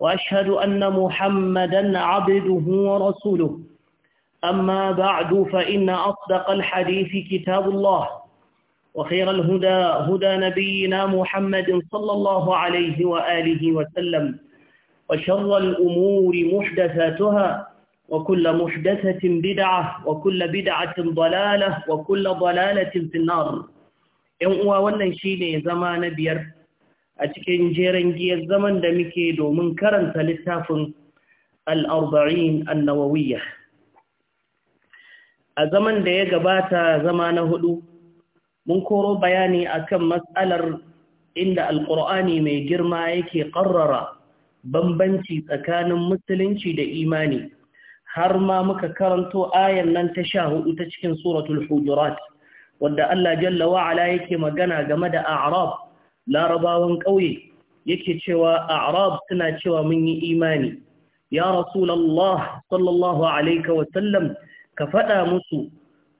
وأشهد أن محمدا عبده ورسوله أما بعد فإن أصدق الحديث كتاب الله وخير الهدى هدى نبينا محمد صلى الله عليه وآله وسلم وشر الأمور محدثاتها وكل محدثة بدعة وكل بدعة ضلالة وكل ضلالة في النار يوم أولا شيني زمان بيرف a cikin jeren giyar zaman da muke domin karanta littafin al'arba'in annawawiyya a zaman da ya gabata zama na hudu mun koro bayani a kan matsalar inda alƙur'ani mai girma yake ƙarrara bambanci tsakanin musulunci da imani har ma muka karanto ayan nan ta sha hudu ta cikin suratul hujurat wadda Allah jalla wa'ala yake magana game da a'rab larabawan ƙauye yake cewa a'rab suna cewa mun yi imani ya rasulullah sallallahu alaihi wa sallam ka faɗa musu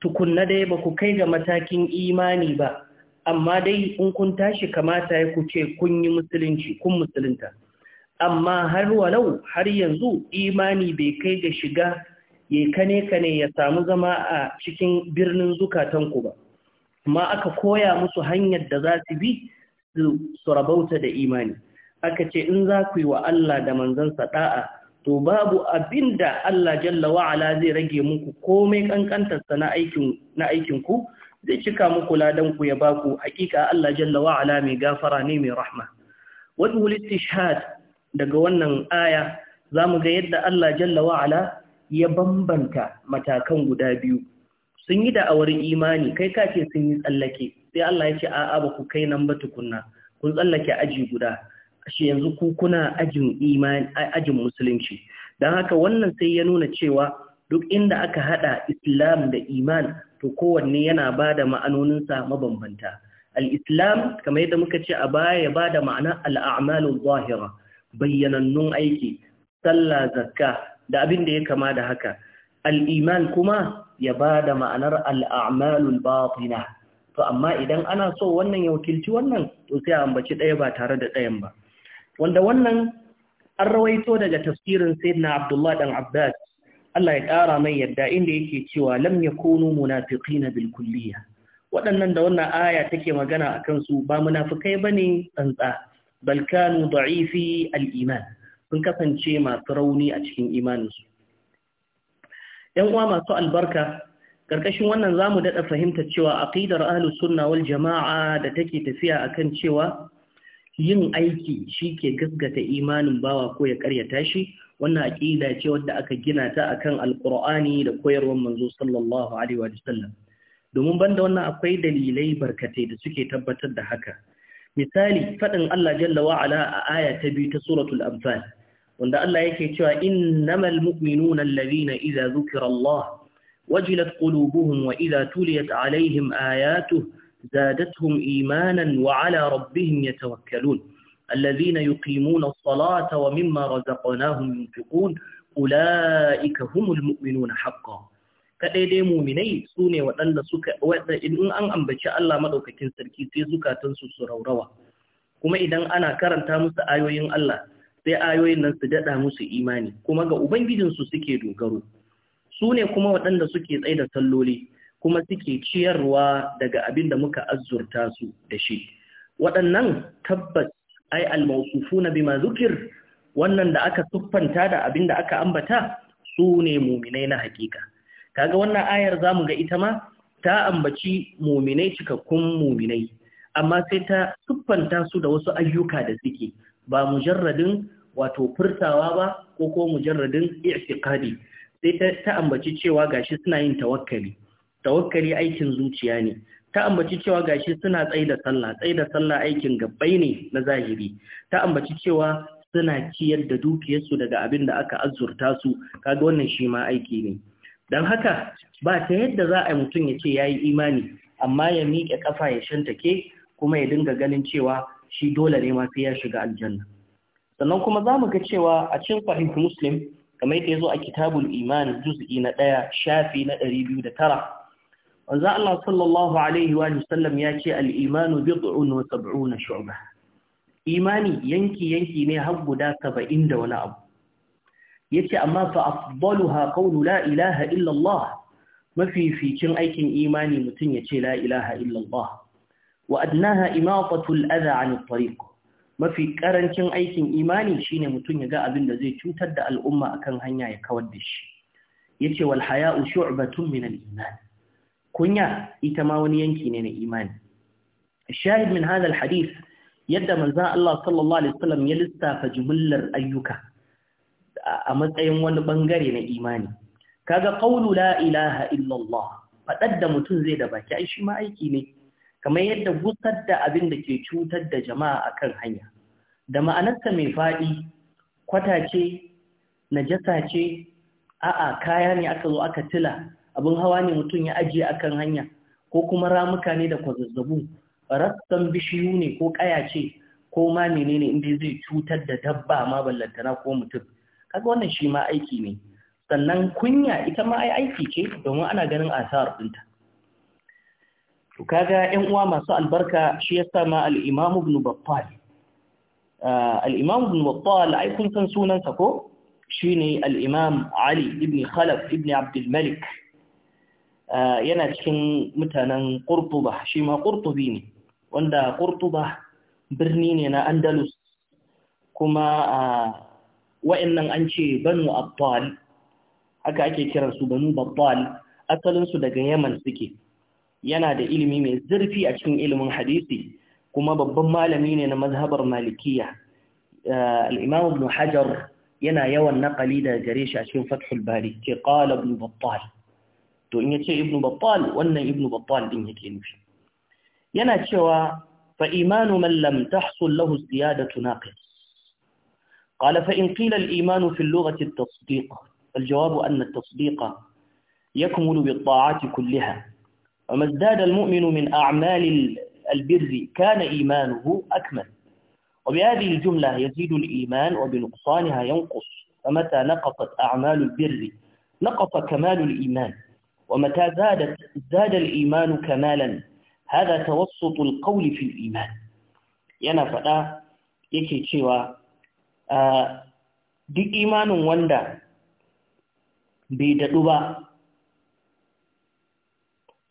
tukunna dai ba ku kai ga matakin imani ba amma dai in kun tashi kamata ya ku ce kun yi musulunci kun musulunta amma har walau har yanzu imani bai kai ga shiga ya kane kane ya samu zama a cikin birnin zukatanku ba amma aka koya musu hanyar da za su bi su rabauta da imani aka ce in za ku yi wa Allah da manzansa da'a to babu abin da Allah jalla wa'ala zai rage muku komai kankantarsa na aikin zai cika muku ladanku ku ya ku. hakika Allah jalla wa'ala mai gafara ne mai rahma wadul shahad daga wannan aya za mu ga yadda Allah jalla wa'ala ya bambanta matakan guda biyu sun yi da'awar imani kai kace sun yi tsallake sai Allah ya ce a'a ba ku kai nan ba tukunna kun tsallake aji guda shi yanzu ku kuna ajin ajin musulunci dan haka wannan sai ya nuna cewa duk inda aka hada islam da iman to kowanne yana bada ma'anonin sa mabambanta al-islam kamar yadda muka ce a baya ya bada ma'ana al-a'malu zahira bayyanannun aiki sallah zakka da abin da ya kama da haka al-iman kuma ya bada ma'anar al-a'malul batina to amma idan ana so wannan ya wakilci wannan to sai a ambaci ɗaya ba tare da ɗayan ba wanda wannan an rawaito daga tafsirin sayyidina Abdullah dan Abbas Allah ya ƙara mai yadda inda yake cewa lam yakunu munafiqina bil bilkulliya. waɗannan da wannan aya take magana a kansu ba munafukai ba ne tsantsa balkanu da'ifi al'iman sun kasance masu rauni a cikin imaninsu ‘yan uwa masu albarka Ƙarƙashin wannan za mu daɗa fahimtar cewa aƙidar ahlus sunna wal jama'a da take tafiya akan cewa yin aiki shi ke gaskata imanin bawa ko ya ƙaryata shi wannan aƙida ce wadda aka gina ta akan alƙur'ani da koyarwar manzo sallallahu alaihi wa sallam domin banda wannan akwai dalilai barkatai da suke tabbatar da haka misali faɗin Allah jalla wa ala a aya ta biyu ta suratul anfal wanda Allah yake cewa innamal mu'minuna allazina idza dhukira Allah وجلت قلوبهم وإذا تليت عليهم آياته زادتهم إيمانا وعلى ربهم يتوكلون الذين يقيمون الصلاة ومما رزقناهم ينفقون أولئك هم المؤمنون حقا kaɗai dai muminai su ne waɗanda suka in an ambaci Allah maɗaukakin sarki sai zukatansu su raurawa kuma idan ana karanta musu ayoyin Allah sai ayoyin nan su daɗa musu imani kuma ga ubangijinsu suke dogaro su ne kuma waɗanda suke tsaye da salloli kuma suke ciyarwa daga abin da muka azurta su da shi waɗannan tabbas ai na bima zukir wannan da aka siffanta da abin da aka ambata su ne muminai na hakika kaga wannan ayar mu ga ita ma ta ambaci muminai cikakkun muminai amma sai ta siffanta su da wasu ayyuka da suke ba mujarradin wato furtawa ba ko ko mujarradin i'tiqadi sai ta ambaci cewa gashi suna yin tawakkali tawakkali aikin zuciya ne ta ambaci cewa gashi suna tsaye da sallah tsaye da sallah aikin gabbai ne na zahiri ta ambaci cewa suna ciyar da dukiyarsu daga abin da aka azurta su kaga wannan shi ma aiki ne don haka ba ta yadda za a yi mutum ya ce ya yi imani amma ya miƙe ƙafa ya shantake kuma ya dinga ganin cewa shi dole ne ma sai ya shiga aljanna sannan kuma za mu ga cewa a cikin fahimtu muslim kamar yadda zo a kitabul iman juz'i na ɗaya shafi na 209 wanzan Allah sallallahu alaihi wa sallam ya ce al-iman bid'un wa na shu'ba imani yanki yanki ne har guda saba'in da wani abu yace amma fa ha qawlu la ilaha illa Allah mafificin aikin imani mutum ya ce la ilaha illa Allah wa adnaha imatatul adha 'anil tariq mafi karancin aikin imani shine mutum ya ga abin da zai cutar da al'umma akan hanya ya kawar da shi yace wal haya'u shu'batun min al-iman kunya ita ma wani yanki ne na imani shahid min hadha al-hadith yadda manzo Allah sallallahu alaihi wasallam ya lissafa jumlar ayyuka a matsayin wani bangare na imani kaga qawlu la ilaha illa Allah da mutum zai da baki ai shi ma aiki ne kamar yadda gusar da abin da ke cutar da jama'a akan hanya da ma'anarsa mai faɗi kwatace, ce najasa ce a'a kaya ne aka zo aka tila abin hawa ne mutum ya ajiye akan hanya ko kuma ramuka ne da kwazazzabu rassan bishiyu ne ko kaya ce ko ma menene inda zai cutar da dabba ma ballantana ko mutum kaga wannan shi ma aiki ne sannan kunya ita ma ai aiki ce domin ana ganin asarar ɗinta to kaga yan uwa masu albarka shi yasa ma al-Imam Ibn Battal al-Imam Ibn Battal ai kun san sunan sa ko shine al-Imam Ali ibn Khalaf ibn Abd al-Malik yana cikin mutanen Qurtuba shi ma Qurtubi ne wanda Qurtuba birni ne na Andalus kuma wa'annan an ce Banu Abdal haka ake kiransu Banu Battal asalinsu daga Yaman suke yana da ilimi mai zurfi a cikin ilimin hadisi kuma babban malami ne na mazhabar malikiya al-imam ibn hajar yana yawan naqali da gare shi a cikin fathul bari ke qala ibn battal to in yace ibn battal wannan ibn battal din yake nufi yana cewa fa imanu man lam tahsul lahu ziyadatu naqis qala fa in qila al-iman fi al-lughati at-tasdiq al-jawab anna at-tasdiq yakmulu bi at-ta'ati kullaha وما ازداد المؤمن من أعمال البر كان إيمانه أكمل وبهذه الجملة يزيد الإيمان وبنقصانها ينقص فمتى نقصت أعمال البر نقص كمال الإيمان ومتى زادت زاد الإيمان كمالا هذا توسط القول في الإيمان yana faɗa yake cewa duk ايمان واندا bai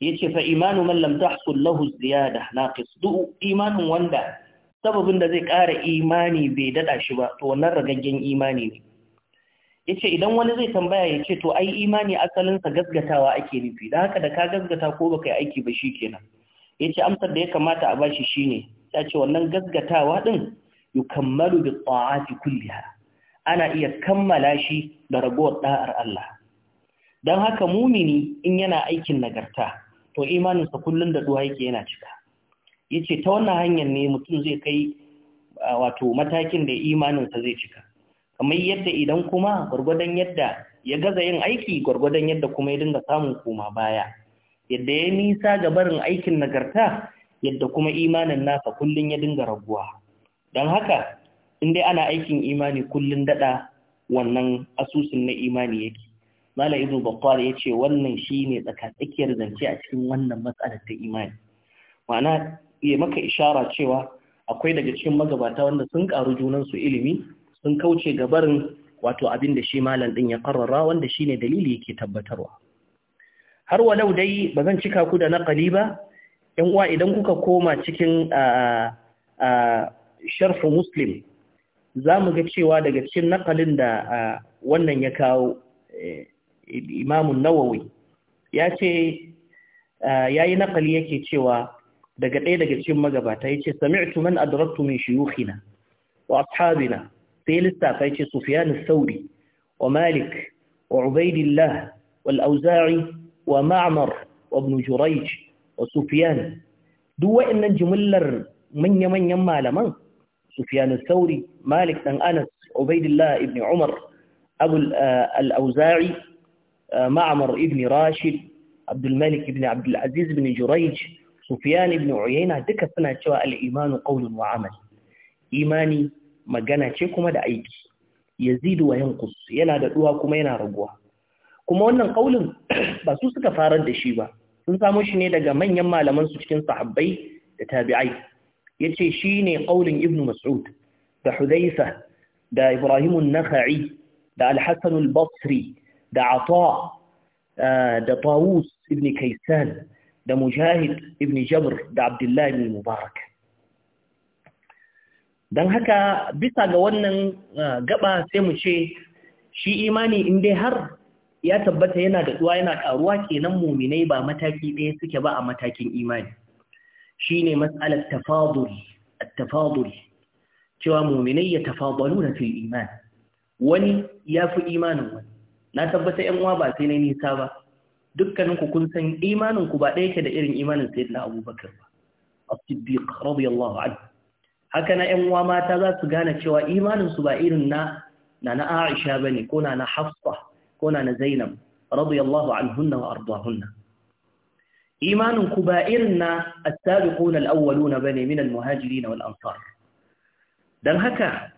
Ya ce, fa imanu man lam tahsul lahu ziyada naqis du imanin wanda sababin da zai ƙara imani bai dada shi ba to wannan ragaggen imani ne yace idan wani zai tambaya ya ce to ai imani asalin sa ake nufi dan haka da ka gasgata ko baka yi aiki ba shikenan yace amsar da ya kamata a bashi shine ya ce wannan gasgatawa din yukammalu bi ta'ati kulliha ana iya kammala shi da ragowar da'ar Allah dan haka mumini in yana aikin nagarta to imaninsa kullum da duwa yake yana cika yace ta wannan hanyar ne mutum zai kai wato matakin da imaninsa zai cika kamar yadda idan kuma gwargwadon yadda ya gaza yin aiki gwargwadon yadda kuma ya dinga samun koma baya yadda ya nisa ga barin aikin nagarta yadda kuma imanin nasa kullum ya dinga raguwa don haka in dai ana aikin imani kullum daɗa, wannan asusun na imani yake Mala Ibn Bakwar ya ce wannan shi ne tsakatsakiyar zance a cikin wannan matsalar ta imani. Ma'ana ya maka ishara cewa akwai daga cikin magabata wanda sun ƙaru su ilimi sun kauce gabarin wato abin da shi malam ɗin ya ƙarrara wanda shi ne dalili yake tabbatarwa. Har walau dai ba zan cika ku da naƙali ba, ‘yan uwa idan kuka koma cikin sharfin Muslim, za mu ga cewa daga cikin naƙalin da wannan ya kawo eh, imamun nawawi ya ce ah, ya yi naƙali yake cewa daga ɗaya daga cikin magabata ya ce sami'tu man adraktu min shuyukhina wa ashabina sai lissafa ya ce sufyan sauri wa malik wa ubaidillah Wa auza'i wa ma'mar wa ibn jurayj wa sufyan duk wa'annan jimillar manya-manyan malaman sufyan sauri malik ɗan anas ubaidillah ibn umar abu ah, al-auza'i معمر Ibni Rashid, عبد الملك ابن عبد العزيز بن جريج سفيان ابن عيينة duka suna cewa al-imanu qawlun wa amal imani magana ce kuma da aiki yazidu wa yanqus yana da duwa kuma yana raguwa kuma wannan qaulin ba su suka farar da shi ba sun samo shi ne daga manyan malaman su cikin sahabbai da tabi'ai yace shine qaulin ibnu mas'ud da hudaysa da ibrahim an da Alhassanul hasan da ata eh, da tawus ibn kaisan da mujahid ibn jabr da abdullahi ibn mubarak don haka bisa ga wannan eh, gaba sai mu ce shi imani in dai har ya tabbata yana da tsuwa yana karuwa kenan muminai ba mataki ɗaya suke ba a matakin imani shine mas'alar tafadul tafadul cewa muminai ya tafadalu na fil iman wani ya fi imanin wani na tabbata yan uwa ba sai na nisa ba dukkanin ku kun san imanin ku ba ɗaya ke da irin imanin sayyidina Abubakar ba as-siddiq radiyallahu anhu haka na yan uwa mata za su gane cewa imanin su ba irin na na na Aisha bane ko na na Hafsa ko na na Zainab radiyallahu anhunna wa ardahunna imanin ku ba irin na as-sabiquna al-awwaluna bane min al-muhajirin wal ansar dan haka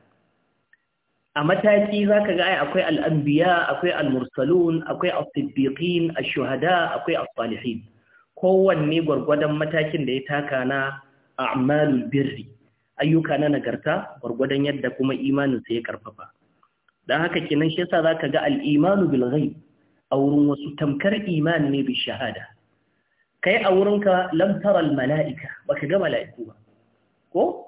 a mataki za ka ga ai akwai al'ambiya akwai al akwai al a shuhada akwai al kowanne gwargwadon matakin da ya taka na a'malul birri ayyuka na nagarta gwargwadon yadda kuma imaninsa ya karfafa dan haka kinan shi yasa zaka ga alimanu imanu bil ghaib a wurin wasu tamkar iman ne bi shahada kai a wurinka lam tara al-mala'ika baka ga mala'iku ba ko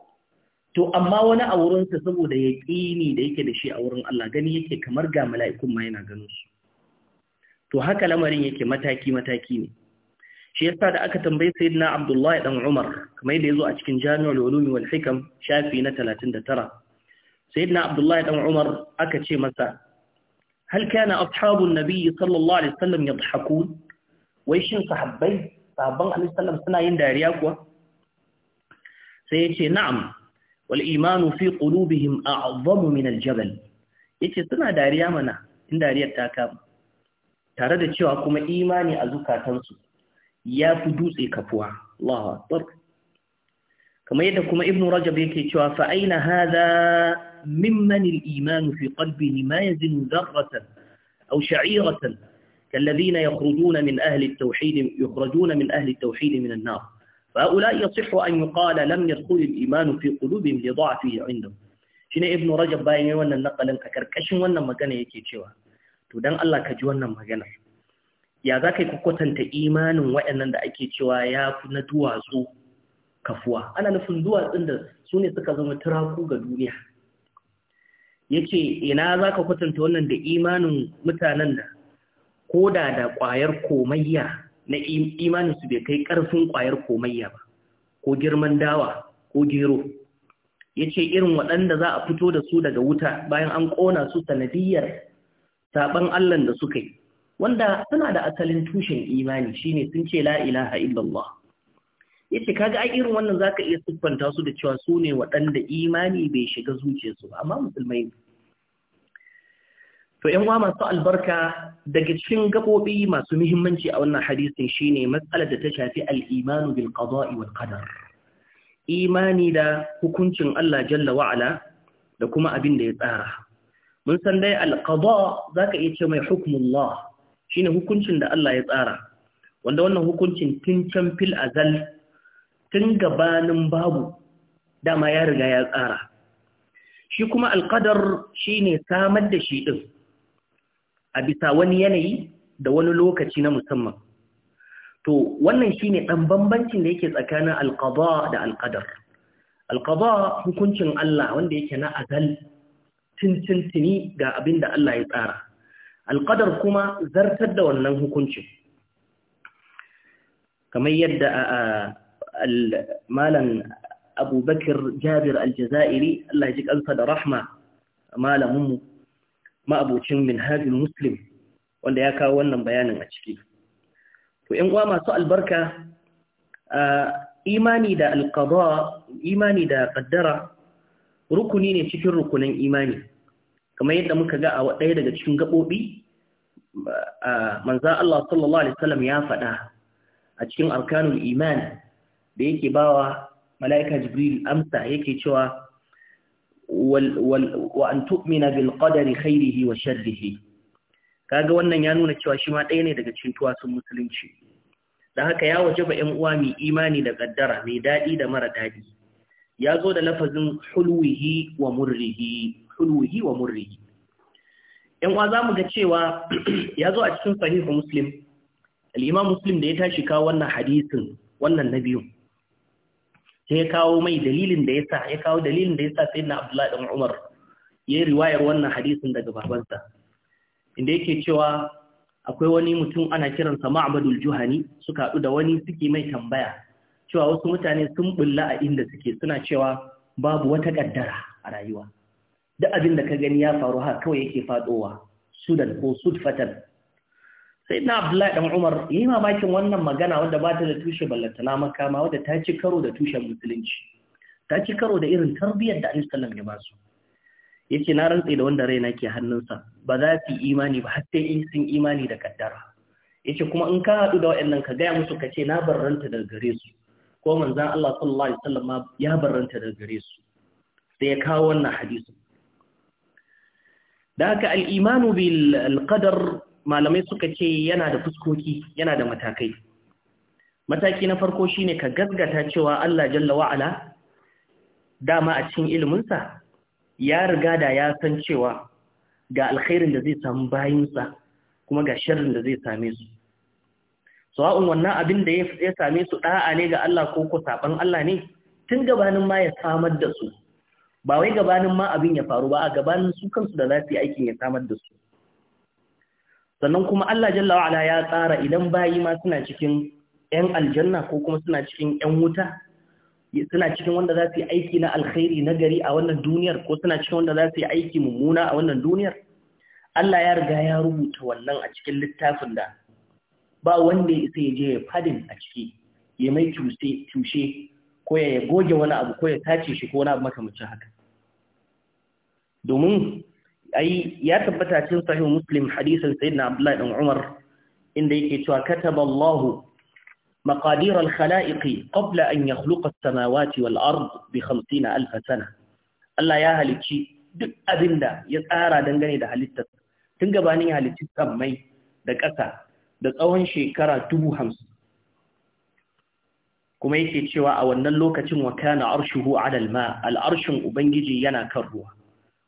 to amma wani a wurinsa saboda ya ƙini da yake da shi a wurin Allah gani yake kamar ga mala'ikun ma yana ganin su to haka lamarin yake mataki-mataki ne shi yasa da aka tambayi sayyidina Abdullahi dan Umar kamar yadda yazo a cikin Jami'ar Walumi wal Hikam shafi na 39 sayyidina Abdullahi dan Umar aka ce masa hal kana ashabun nabiy sallallahu alaihi wasallam yadhhakun wai shin sahabbai sahabban alaihi wasallam suna yin dariya kuwa sai yace na'am والإيمان في قلوبهم أعظم من الجبل yace suna dariya mana in dariyar ta kama tare da cewa kuma imani a zukatansu ya fi dutse kafuwa Allahu akbar kamar yadda kuma ibnu rajab yake cewa fa aina hadha mimman al-iman fi qalbihi ma yazinu dharratan aw sha'iratan كالذين يخرجون من أهل التوحيد يخرجون من أهل التوحيد من النار فهؤلاء يصح أن يقال لم يدخل الإيمان في قلوبهم لضعفه عندهم shine ibnu rajab bayan yayin wannan nakalin a karkashin wannan magana yake cewa to dan Allah ka ji wannan magana ya zaka ku kwatanta imanin waɗannan da ake cewa ya na duwatsu kafuwa ana nufin duwatsu da su ne suka zama turaku ga duniya yace ina zaka kwatanta wannan da imanin mutanen da koda da ƙwayar komayya na imanin su bai kai ƙarfin ƙwayar komayya ba ko girman dawa ko gero Ya ce irin waɗanda za a fito da su daga wuta bayan an ƙona su sanadiyar saban allan da suka yi wanda suna da asalin tushen imani shine sun ce la ilaha illallah yace kaga ai irin wannan zaka iya siffanta su da cewa su ne waɗanda imani bai shiga zuciyarsu ba amma musulmai to yan uwa masu albarka daga cikin gabobi masu muhimmanci a wannan hadisin shine matsalar da ta shafi al-imanu bil qada'i wal qadar imani da hukuncin Allah jalla wa da kuma abin da ya tsara mun san dai al-qada zaka iya ce mai hukmullah shine hukuncin da Allah ya tsara wanda wannan hukuncin tun can fil azal tun gabanin babu dama ya riga ya tsara shi kuma alƙadar shi ne samar da shi ɗin a bisa wani yanayi da wani lokaci na musamman to wannan shine ɗan bambancin da yake tsakanin alqada da alƙadar. alqada hukuncin Allah wanda yake na azal tintintini ga abin da Allah ya tsara Alƙadar kuma zartar da wannan hukuncin kamar yadda malam abubakar jabir aljazairi Allah ya ji kansa da rahma mu. ma'abocin minhajul muslim wanda ya kawo wannan bayanin a ciki to uwa masu albarka imani da alqada imani da qaddara rukuni ne cikin rukunin imani kamar yadda muka ga a ɗaya daga cikin gaɓoɓi manzan Allah sallallahu Alaihi wasallam ya faɗa a cikin arkanul iman da yake bawa mala'ika jibril amsa yake cewa wal, wal, wa an tu'mina bil qadari khairihi wa sharrihi wannan ya nuna cewa shi ma ɗaya ne daga cikin tuwasun musulunci da haka ya wajaba ƴan uwa mai imani da kaddara mai daɗi da mara daɗi ya zo da lafazin hulwihi wa murrihi hulwihi wa murrihi ƴan uwa zamu ga cewa ya zo a cikin sahihu muslim al-imam muslim da ya tashi kawo wannan hadisin wannan na biyun sai ya kawo mai dalilin da yasa ya kawo dalilin da yasa na Abdullahi dan Umar yayi riwayar wannan hadisin daga babansa inda yake cewa akwai wani mutum ana kiransa Ma'badul Juhani suka haɗu da wani suke mai tambaya cewa wasu mutane sun bulla a inda suke suna cewa babu wata kaddara a rayuwa duk abin da ka gani ya faru haka kawai yake fadowa sudan ko sudfatan sai na abdullahi dan umar yi mamakin wannan magana wadda ba ta da tushe ballantana makama wadda ta ci karo da tushen musulunci ta ci karo da irin tarbiyyar da annabi sallallahu ya ba su yace na rantse da wanda raina ke hannunsa ba za su imani ba har sai in sun imani da kaddara yace kuma in ka haɗu da waɗannan ka gaya musu ka ce na barranta daga gare su ko manzon Allah sallallahu alaihi wasallam ya barranta daga gare su sai ya kawo wannan hadisi da haka al-imanu bil qadar malamai suka ce yana da fuskoki yana da matakai mataki na farko shine ka gaggata cewa Allah jalla wa'ala dama a cikin iliminsa ya riga da ya san cewa ga alkhairin da zai samu bayinsa kuma ga sharrin da zai same su sawa'un wannan abin da ya same su da'a ne ga Allah ko ko saban Allah ne tun gabanin ma ya samar da su ba wai gabanin ma abin ya faru ba a gabanin su kansu da za yi aikin ya samar da su sannan kuma Allah jalla wa ya tsara idan bayi ma suna cikin ƴan aljanna ko kuma suna cikin ƴan wuta suna cikin wanda za su yi aiki na alkhairi na gari a wannan duniyar ko suna cikin wanda za su yi aiki mummuna a wannan duniyar Allah ya riga ya rubuta wannan a cikin littafin da ba wanda ya isa ya je ya fadin a ciki ya mai tushe ko ya goge wani abu ko ya tace shi ko wani abu makamacin haka domin ai ya tabbata cikin sahih muslim hadisin sayyidina abdullahi dan umar inda yake cewa kataballahu maqadir al-khalaiq qabla an yakhluqa as-samawati wal-ard bi 50000 sana Allah ya halicci duk abinda ya tsara dangane da halittar tun gabanin ya halicci sammai da ƙasa da tsawon shekara dubu hamsin kuma yake cewa a wannan lokacin wa kana arshuhu ala al'arshin ubangiji yana kan ruwa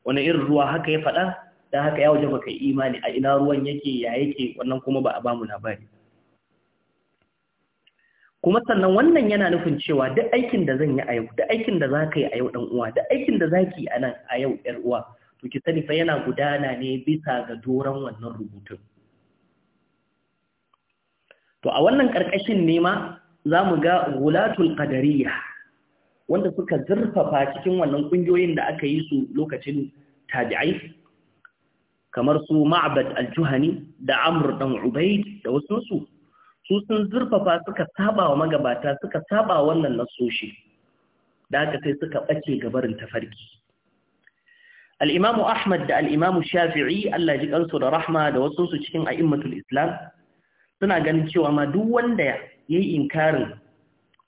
wani irin ruwa haka ya faɗa da haka ya waje maka imani a ina ruwan yake ya yake wannan kuma ba a ba mu labari kuma sannan wannan yana nufin cewa duk aikin da zan yi a yau duk aikin da za ka yi a yau ɗan uwa duk aikin da za ki yi a nan a yau ƴar uwa to ki sani fa yana gudana ne bisa ga doron wannan rubutun to a wannan ƙarƙashin ne ma za mu ga gulatul qadariyah wanda suka zurfafa cikin wannan kungiyoyin da aka yi su lokacin tabi'ai kamar su ma'bad al-juhani da amr dan ubaid da wasu su su sun zurfafa suka saba wa magabata suka saba wannan nasoshi da aka sai suka bace gabarin tafarki al-imam ahmad da al-imam shafi'i Allah ji kansu da rahma da wasu su cikin a'immatul islam suna ganin cewa ma duk wanda yayi inkarin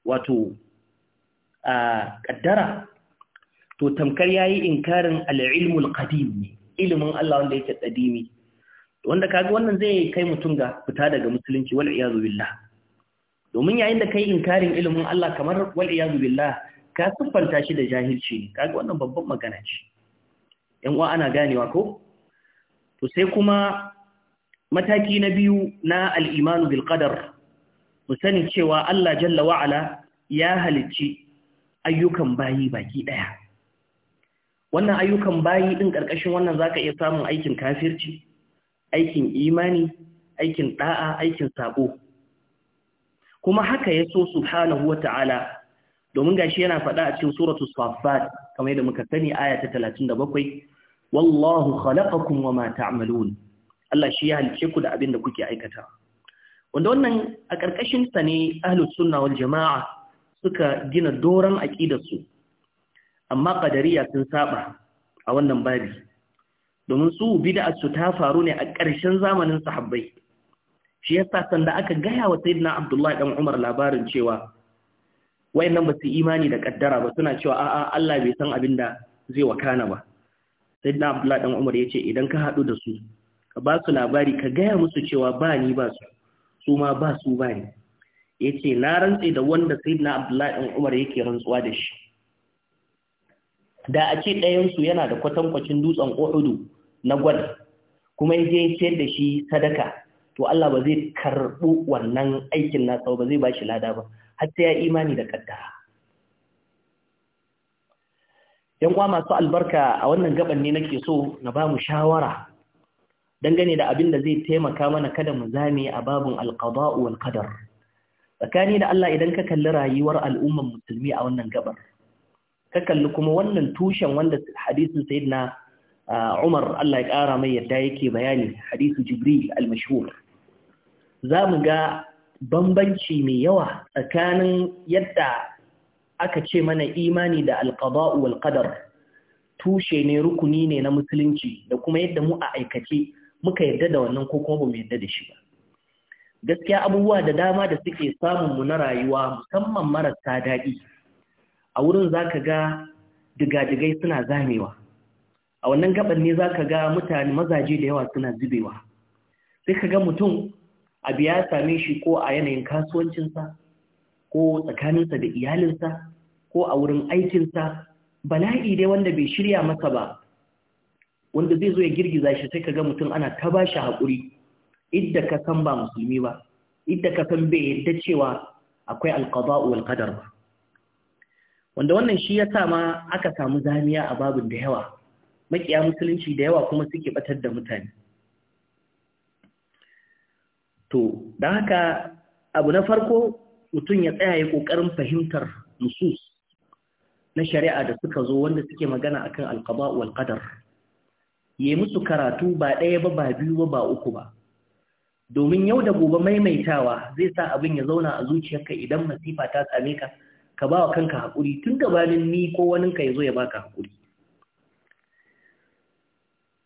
wato ƙaddara to tamkar ya yi inkarin al'ilmul ƙadim ne ilimin Allah wanda yake ƙadimi wanda kaga wannan zai kai mutum ga fita daga musulunci wal iyazu billah domin yayin da kai inkarin ilimin Allah kamar wal iyazu billah ka siffanta shi da jahilci ne kaga wannan babban magana ce ƴan uwa ana ganewa ko to sai kuma mataki na biyu na al bilkadar, bil qadar mu sani cewa Allah jalla wa ya halicci ayyukan bayi baki ɗaya wannan ayyukan bayi ɗin ƙarƙashin wannan za ka iya samun aikin kafirci aikin imani aikin ɗa'a aikin saɓo kuma haka ya so subhanahu wa ta'ala domin gashi yana faɗa a cikin suratul safat kamar yadda muka sani aya ta bakwai. wallahu khalaqakum wama ta'malun Allah shi ya halice ku da abin da kuke aikata wanda wannan a ƙarƙashinsa ne ahlus sunna wal jama'a suka gina doron aƙidarsu amma ƙadariya sun saba a wannan babi domin su bida'arsu ta faru ne a ƙarshen zamanin sahabbai shi yasa sanda aka gaya wa sayyidina abdullahi dan umar labarin cewa wayannan ba su imani da kaddara ba suna cewa a'a Allah bai san abin da zai wakana ba sayyidina abdullahi dan umar yace idan ka hadu da su ka ba su labari ka gaya musu cewa ba ni ba su su ma ba su ba ni Ya ce na rantse da wanda sayyidina abdullahi ɗan umar yake rantsuwa da shi da a ce ɗayansu yana da kwatankwacin dutsen Ohudu na gwad kuma ya je da shi sadaka to Allah ba zai karɓo wannan aikin nasa ba zai ba shi lada ba har sai ya imani da kaddara yan uwa masu albarka a wannan gaban ne nake so na ba mu shawara dangane da abin da zai taimaka mana kada mu zame a babun alqada'u wal tsakani da Allah idan ka kalli rayuwar al'ummar musulmi a wannan gabar ka kalli kuma wannan tushen wanda hadisin sayyidina Umar Allah ya kara mai yadda yake bayani hadisu Jibril al-mashhur za mu ga bambanci mai yawa tsakanin yadda aka ce mana imani da alqada'u wal qadar tushe ne rukuni ne na musulunci da kuma yadda mu a aikace muka yadda da wannan ko kuma ba mu yadda da shi ba gaskiya abubuwa da dama da suke samun mu na rayuwa musamman marasa daɗi a wurin za ka ga digadigai suna zamewa a wannan gaban ne za ka ga mutane mazaje da yawa suna zubewa sai ka ga mutum a ya same shi ko a yanayin kasuwancinsa ko tsakaninsa da iyalinsa ko a wurin aikinsa bala'i dai wanda bai shirya masa ba wanda zai zo ya girgiza shi sai ka ga mutum ana ta ba shi haƙuri idda ka san ba musulmi ba idda ka san bai yadda cewa akwai alqada'u wal qadar ba wanda wannan shi ya sa ma aka samu zamiya a babin da yawa makiya musulunci da yawa kuma suke batar da mutane to da haka abu na farko mutum ya tsaya ya ƙoƙarin fahimtar nusus na shari'a da suka zo wanda suke magana akan alqaba wal qadar yayi musu karatu ba ɗaya ba ba biyu ba ba uku ba domin yau da gobe maimaitawa zai sa abin ya zauna a zuciyarka idan masifa ta same ka ka ba wa kanka haƙuri tun gabanin ni ko waninka ya zo ya baka haƙuri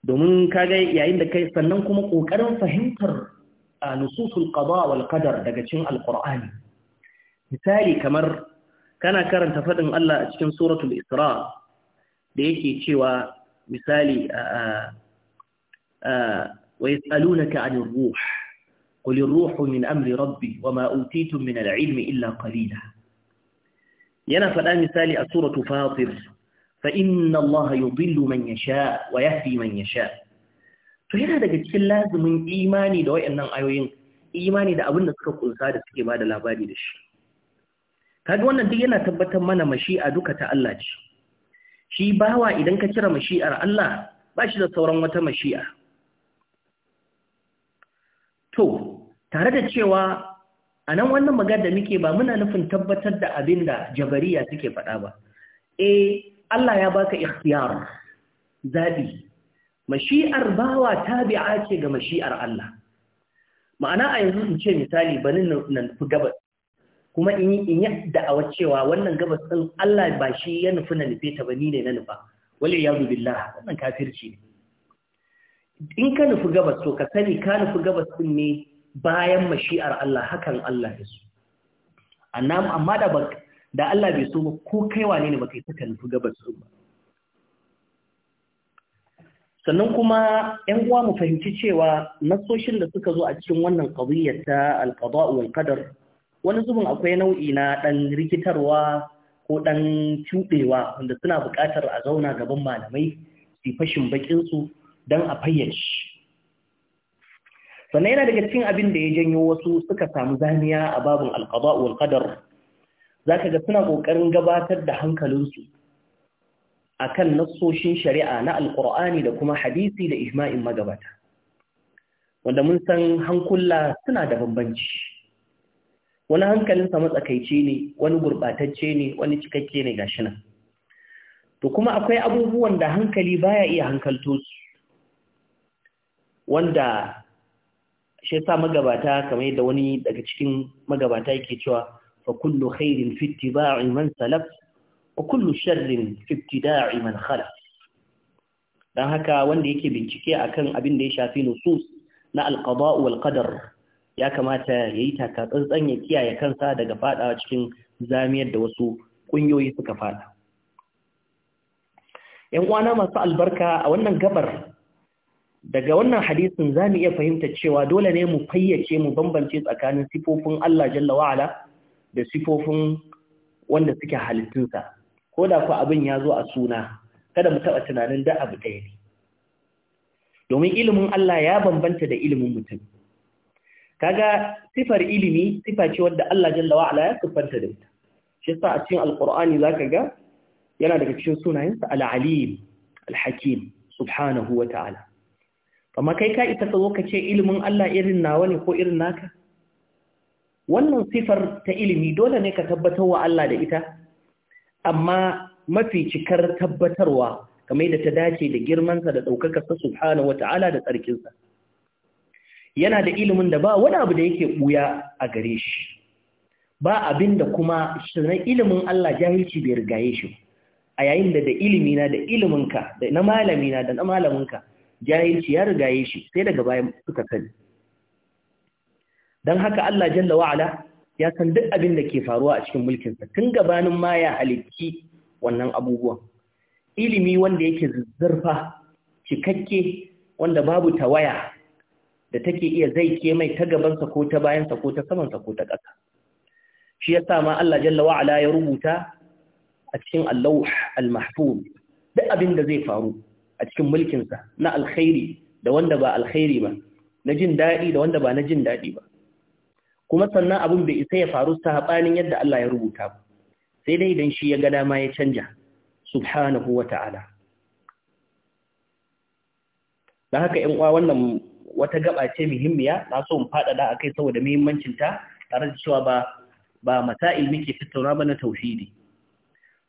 domin kaga yayin da kai sannan kuma ƙoƙarin fahimtar a nususul qada wal qadar daga cikin alqur'ani misali kamar kana karanta faɗin Allah a cikin suratul isra da yake cewa misali a a wa yasalunaka anir ruh قل الروح من أمر ربي وما أوتيتم من العلم إلا قليلا ينا فالآن مثالي السورة فاطر فإن الله يضل من يشاء ويهدي من يشاء فهنا daga cikin lazumin imani da wayannan ayoyin imani da abin da suka kunsa da suke bada labari da shi kaga wannan duk yana tabbatar mana mashi'a duka ta Allah ce shi bawa idan ka kira mashi'ar Allah ba shi da sauran wata mashi'a to tare da cewa a nan wannan magana da muke ba muna nufin tabbatar da abin da jabariya suke faɗa ba e Allah ya baka ikhtiyar zabi mashi'ar bawa tabi'a ce ga mashi'ar Allah ma'ana a yanzu in ce misali bani na nufi gabas kuma in yi in yadda a cewa wannan gabas ɗin Allah ba shi ya nufi na nufe ta ba ni ne na nufa wale ya billah wannan kafirci ne in ka nufi gabas to ka sani ka nufi gabas ɗin ne bayan mashi'ar Allah hakan Allah ya so annam amma da ba da Allah bai so ba ko kai wane ne baka yi saka nufi gabas ba sannan kuma ‘yan uwa mu fahimci cewa nasoshin da suka zo a cikin wannan ƙabiyyar ta alƙada wal qadar wani zubin akwai nau'i na ɗan rikitarwa ko ɗan cuɗewa wanda suna buƙatar a zauna gaban malamai su fashin baƙinsu don a fayyace sannan yana daga cikin abin da ya janyo wasu suka samu zaniya a babin alƙaba wal Za ka ga suna ƙoƙarin gabatar da hankalinsu akan nassoshin shari'a na Alƙur'ani da kuma hadisi da ijma'in magabata wanda mun san hankula suna da bambanci wani hankalinsa matsakaice ne wani gurɓatacce ne wani cikakke ne gashi nan to kuma akwai abubuwan da hankali baya iya hankalto wanda shi yasa magabata kamar da wani daga cikin magabata yake cewa fa kullu khairin fi ittiba'i man salaf wa kullu sharrin fi ibtida'i man khalaf dan haka wanda yake bincike akan abin da ya shafi nusus na alqada wal qadar ya kamata yayi taka tsantsan ya kiyaye kansa daga fadawa cikin zamiyar da wasu kungiyoyi suka fada yan uwana masu albarka a wannan gabar daga wannan hadisin za mu iya fahimta cewa dole ne mu fayyace mu bambance tsakanin sifofin Allah jalla wa'ala da sifofin wanda suke halittunsa ko da ku abin ya zo a suna kada mu taɓa tunanin da abu ɗaya ne domin ilimin Allah ya bambanta da ilimin mutum kaga sifar ilimi sifa ce wadda Allah jalla wa'ala ya siffanta da ita shi yasa a cikin alqur'ani zaka ga yana daga cikin sunayensa al-alim al-hakim subhanahu wa ta'ala amma kai ka ita ka ka ce ilimin Allah irin nawa ne ko irin naka wannan sifar ta ilimi dole ne ka tabbatar wa Allah da ita amma mafi cikar tabbatarwa kamar da ta dace da girmansa da sa subhanahu wata'ala da tsarkinsa yana da ilimin da ba wani abu da yake buya a gare shi ba abin da kuma shirin ilimin Allah jahilci bai rigaye shi a yayin da da ilimina da iliminka da na malamina da na malaminka shi ya rigaye shi sai daga bayan suka sani don haka Allah jalla wa'ala ya san duk abin da ke faruwa a cikin mulkinsa tun gabanin ma ya halicci wannan abubuwan ilimi wanda yake zurfa cikakke wanda babu tawaya da take iya zai ke mai ta gabansa ko ta bayansa ko ta samansa ko ta ƙasa shi ya sama ma Allah jalla wa'ala ya rubuta a cikin allawh al-mahfuz duk abin da zai faru a cikin mulkinsa na alkhairi da wanda ba alkhairi ba na jin daɗi da wanda ba na jin daɗi ba kuma sannan abin bai isa ya faru saɓanin yadda Allah ya rubuta ba sai dai idan shi ya ga dama ya canja subhanahu wa ta'ala da haka ‘yan uwa wannan wata gaba ce muhimmiya na so in faɗaɗa a kai saboda muhimmancinta tare da cewa ba ba masa'il muke tattauna ba na tauhidi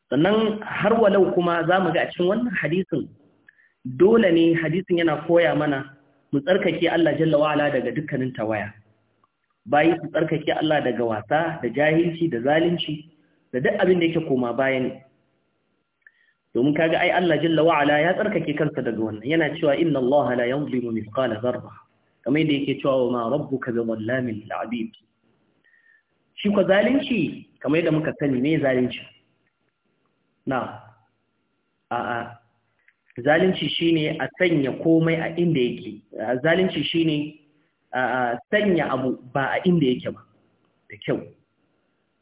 sannan har walau kuma za mu ga a cikin wannan hadisin dole ne hadisin yana koya mana mu tsarkake Allah jalla wa'ala daga dukkanin tawaya bayi su tsarkake Allah daga wasa da jahilci da zalunci da duk abin da yake koma bayan ne domin kaga ai Allah jalla wa'ala ya tsarkake kansa daga wannan yana cewa inna Allah la yuzlimu mithqala dharra kamar yadda yake cewa ma rabbuka bi zallamin shi ko zalunci kamar yadda muka sani ne zalunci na a a zalunci shine a sanya komai a inda yake zalunci shine a sanya abu ba a inda yake ba da kyau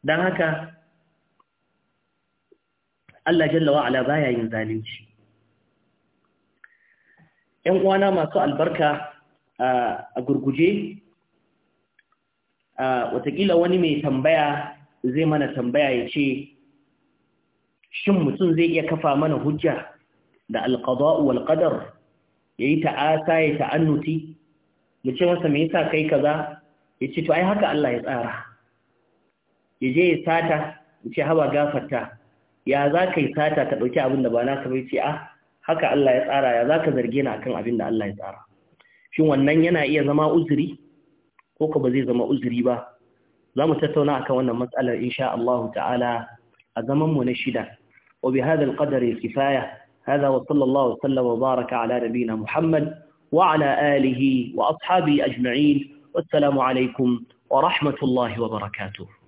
don haka Allah jalla wa ala baya yin zalunci yan uwana masu albarka a gurguje watakila wani mai tambaya zai mana tambaya ya ce shin mutum zai iya kafa mana hujja da alqada wal ya yayi ta'asa ya ta'annuti mu ce masa me sa kai kaza ce to ai haka Allah ya tsara je ya sata yace haba gafarta ya za ka yi sata ka ɗauki abin da ba ka bai ce ah haka Allah ya tsara ya za ka zarge ni akan abin da Allah ya tsara shin wannan yana iya zama uzuri ko ka ba zai zama uzuri ba za mu tattauna akan wannan matsalar insha Allah ta'ala a zamanmu mu na shida wa bi hadha هذا وصلى الله وسلم وبارك على نبينا محمد وعلى آله وأصحابه أجمعين والسلام عليكم ورحمة الله وبركاته